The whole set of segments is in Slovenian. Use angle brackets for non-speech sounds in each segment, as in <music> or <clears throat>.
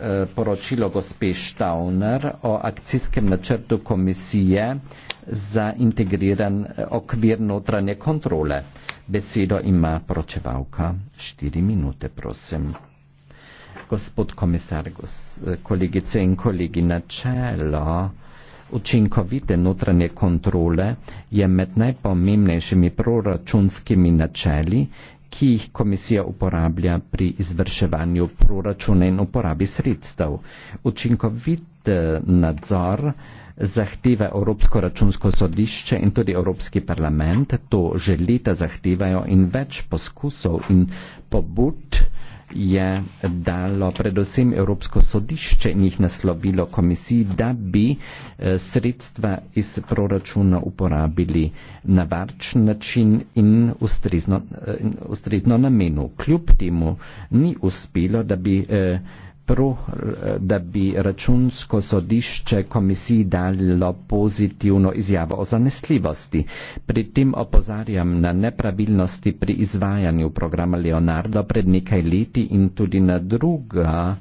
Eh, poročilo gospe Štauner o akcijskem načrtu komisije za integriran eh, okvir notranje kontrole. Besedo ima poročevalka. Štiri minute, prosim. Gospod komisar, eh, kolegice in kolegi, načelo učinkovite notranje kontrole je med najpomembnejšimi proračunskimi načeli ki jih komisija uporablja pri izvrševanju proračuna in uporabi sredstev. Učinkovit eh, nadzor zahteva Evropsko računsko sodišče in tudi Evropski parlament, to že leta zahtevajo in več poskusov in pobud je dalo predvsem Evropsko sodišče in jih naslovilo komisiji, da bi eh, sredstva iz proračuna uporabili na varč način in ustrezno, eh, ustrezno namenu. Kljub temu ni uspelo, da bi eh, da bi računsko sodišče komisiji dalo pozitivno izjavo o zanesljivosti. Pri tem opozarjam na nepravilnosti pri izvajanju programa Leonardo pred nekaj leti in tudi na druga.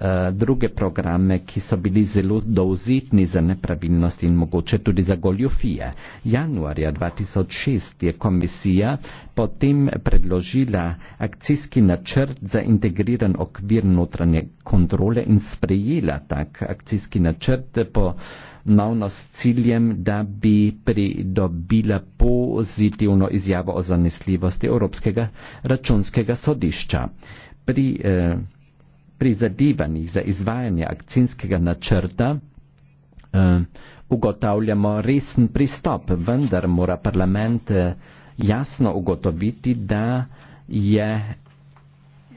Eh, druge programe, ki so bili zelo dovzetni za nepravilnosti in mogoče tudi za goljofije. Januarja 2006 je komisija potem predložila akcijski načrt za integriran okvir notranje kontrole in sprejela tak akcijski načrt po navno s ciljem, da bi pridobila pozitivno izjavo o zanesljivosti Evropskega računskega sodišča. Pri eh, prizadevanjih za izvajanje akcijskega načrta eh, ugotavljamo resen pristop, vendar mora parlament eh, jasno ugotoviti, da je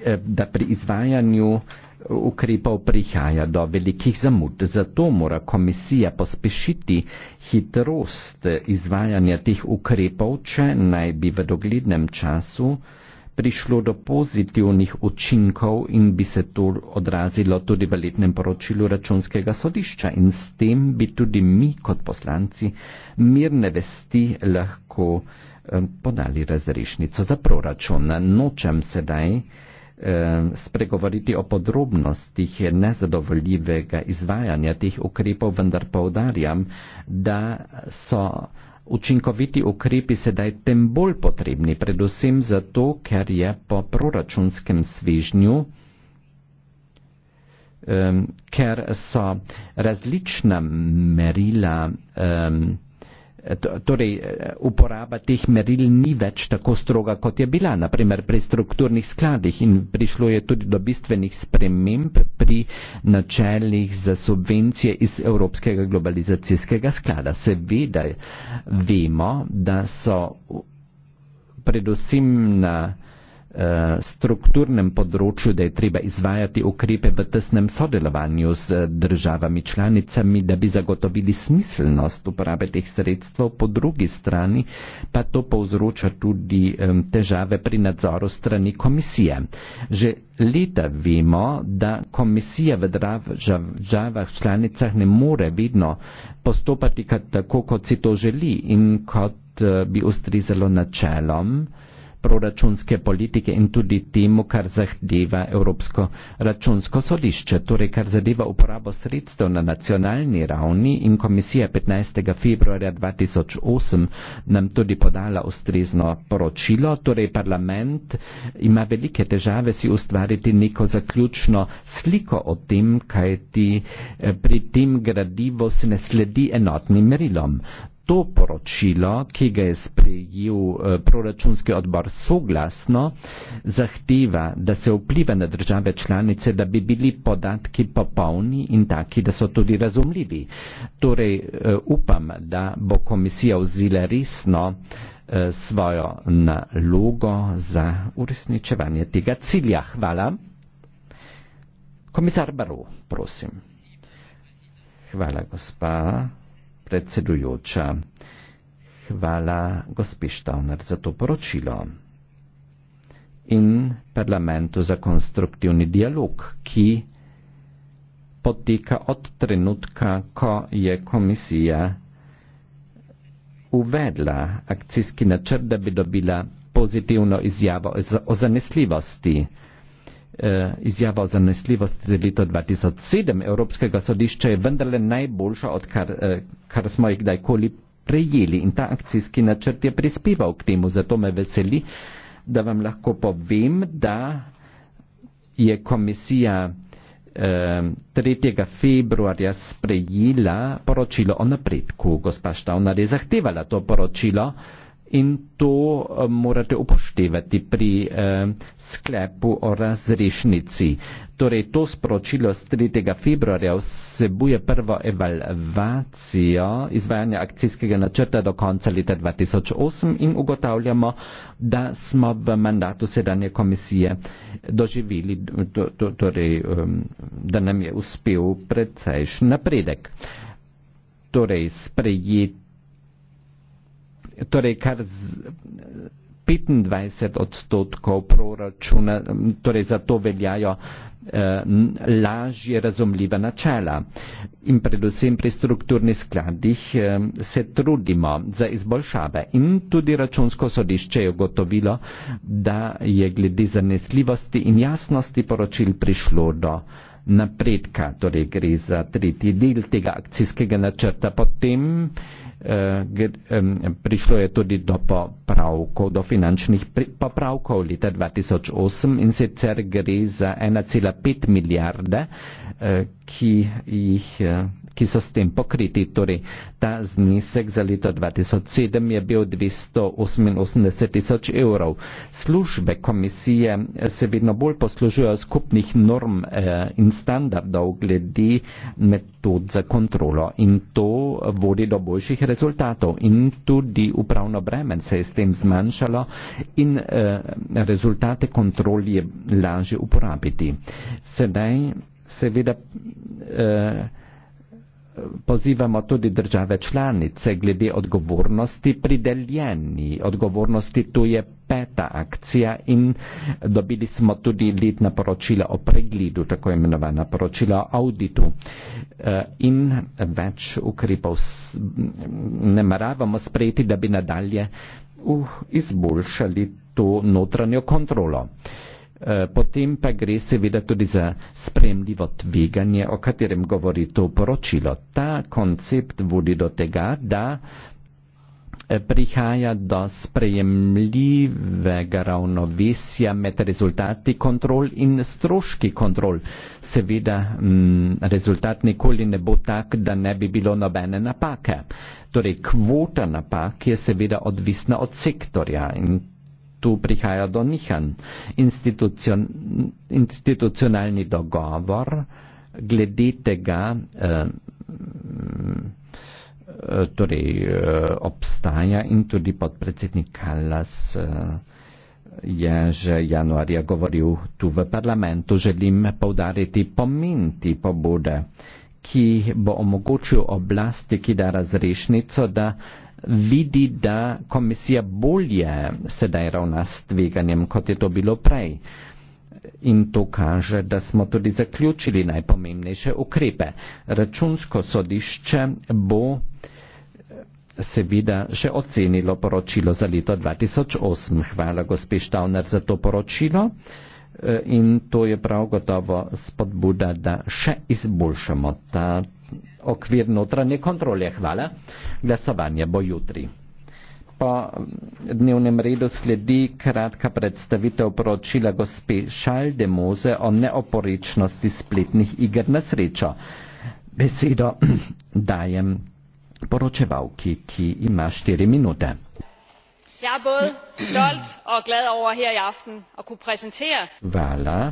eh, da pri izvajanju ukrepov prihaja do velikih zamud. Zato mora komisija pospešiti hitrost izvajanja teh ukrepov, če naj bi v doglednem času eh, prišlo do pozitivnih učinkov in bi se to odrazilo tudi v letnem poročilu računskega sodišča in s tem bi tudi mi kot poslanci mirne vesti lahko eh, podali razrešnico za proračun. Nočem sedaj eh, spregovoriti o podrobnostih nezadovoljivega izvajanja teh ukrepov, vendar poudarjam, da so učinkoviti ukrepi sedaj tem bolj potrebni, predvsem zato, ker je po proračunskem svežnju, um, ker so različna merila um, Eh, torej eh, uporaba teh meril ni več tako stroga, kot je bila, naprimer pri strukturnih skladih in prišlo je tudi do bistvenih sprememb pri načeljih za subvencije iz Evropskega globalizacijskega sklada. Seveda vemo, da so predvsem na uh, Eh, strukturnem področju, da je treba izvajati ukrepe v tesnem sodelovanju z eh, državami članicami, da bi zagotovili smiselnost uporabe teh sredstev, po drugi strani pa to povzroča tudi težave pri nadzoru strani komisije. Že leta vemo, da komisija v državah članicah ne more vedno postopati tako, kot si to želi in kot eh, bi ustrezalo načelom proračunske politike in tudi temu, kar zahteva Evropsko računsko sodišče. Torej, kar zadeva uporabo sredstev na nacionalni ravni in komisija 15. februarja 2008 nam tudi podala ustrezno poročilo. Torej, parlament ima velike težave si ustvariti neko zaključno sliko o tem, kaj ti eh, pri tem gradivo se ne sledi enotnim merilom to poročilo, ki ga je sprejel eh, proračunski odbor soglasno, zahteva, da se vpliva na države članice, da bi bili podatki popolni in taki, da so tudi razumljivi. Torej eh, upam, da bo komisija vzela resno eh, svojo nalogo za uresničevanje tega cilja. Hvala. Komisar Baru, prosim. Hvala, gospa predsedujoča. Hvala gospi Štavner za to poročilo in parlamentu za konstruktivni dialog, ki poteka od trenutka, ko je komisija uvedla akcijski načrt, da bi dobila pozitivno izjavo o zanesljivosti. Eh, izjava o zanesljivosti za leto 2007 Evropskega sodišča je vendarle najboljša, odkar eh, kar smo jih kdajkoli prejeli in ta akcijski načrt je prispeval k temu. Zato me veseli, da vam lahko povem, da je komisija 3. Eh, februarja sprejela poročilo o napredku. Gospa Štavnar je zahtevala to poročilo in to eh, morate upoštevati pri eh, sklepu o razrešnici. Torej, to sporočilo z 3. februarja vsebuje prvo evalvacijo izvajanja akcijskega načrta do konca leta 2008 in ugotavljamo, da smo v mandatu sedanje komisije doživeli, to, to, torej, da nam je uspel precejšen napredek. Torej, sprejeti torej kar z, 25 odstotkov proračuna, torej zato veljajo eh, lažje razumljiva načela. In predvsem pri strukturnih skladih eh, se trudimo za izboljšave. In tudi računsko sodišče je ugotovilo, da je glede zanesljivosti in jasnosti poročil prišlo do napredka. Torej gre za tretji del tega akcijskega načrta. Potem eh, Eh, prišlo je tudi do popravkov, do finančnih popravkov leta 2008 in sicer gre za 1,5 milijarde, eh, ki jih eh, ki so s tem pokriti. Torej, ta znesek za leto 2007 je bil 288 tisoč evrov. Službe komisije eh, se vedno bolj poslužujejo skupnih norm eh, in standardov glede metod za kontrolo in to vodi do boljših rezultatov in tudi upravno bremen se je s tem zmanjšalo in eh, rezultate kontrol je lažje uporabiti. Sedaj seveda eh, pozivamo tudi države članice glede odgovornosti pri deljeni odgovornosti. Tu je peta akcija in dobili smo tudi letna poročila o pregledu, tako imenovana poročila o auditu e, in več ukrepov ne maravamo sprejeti, da bi nadalje uh, izboljšali to notranjo kontrolo. Uh, Eh, potem pa gre seveda tudi za spremljivo tveganje, o katerem govori to poročilo. Ta koncept vodi do tega, da eh, prihaja do sprejemljivega ravnovesja med rezultati kontrol in stroški kontrol. Seveda m, mm, rezultat nikoli ne bo tak, da ne bi bilo nobene napake. Torej, kvota napak je seveda odvisna od sektorja in tu prihaja do nihanj. Institucion, institucionalni dogovor glede tega eh, mm, torej, eh, obstaja in tudi podpredsednik Kallas eh, je že januarja govoril tu v parlamentu. Želim povdariti pomen te pobude, ki bo omogočil oblasti, ki da razrešnico, da eh, vidi, da komisija bolje sedaj ravna s tveganjem, kot je to bilo prej. In to kaže, da smo tudi zaključili najpomembnejše ukrepe. Računsko sodišče bo eh, seveda še ocenilo poročilo za leto 2008. Hvala gospe Štavner za to poročilo eh, in to je prav gotovo spodbuda, da še izboljšamo ta okvir notranje kontrole. Hvala. Glasovanje bo jutri. Po dnevnem redu sledi kratka predstavitev poročila gospe Šaldemoze o neoporečnosti spletnih igr na srečo. Besedo <clears throat> dajem poročevalki, ki ima štiri minute. Jaz sem bolj stolt in glad over here v aften, da lahko predstavim. Hvala.